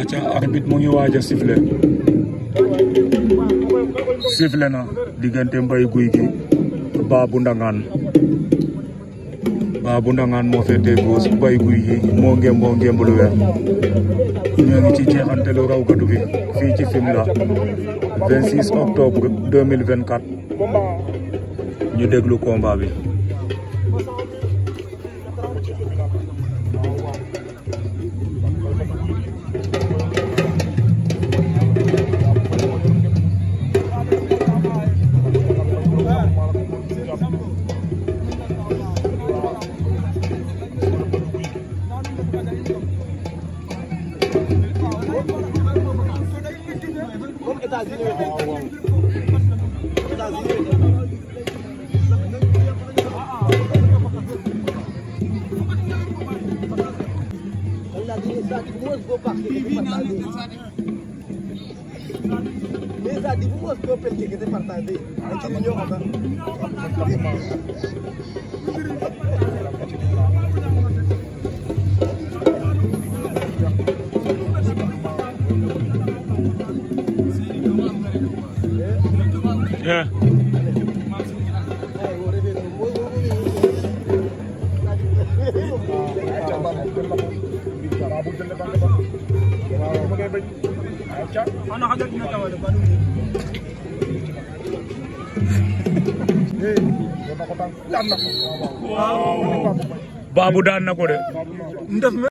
aca arbitre mu ngi waaj a sifflé sifflé na diggante Mbaye Gouy Gui Babou Ndangane Babou Ndangane moo féete gauche Mbaye Gouy Gui moo ngem moo ngemb lu ñoo ngi ci jeexantelu raw gadu bi ci Fimela 26 ñu déglu combat États-Unis Sadio bu mos boo parqué que partagé mais Sadio bu mos boo pelleté que te partagé da ciy ñëw xam Yeah. Babou daan na ko de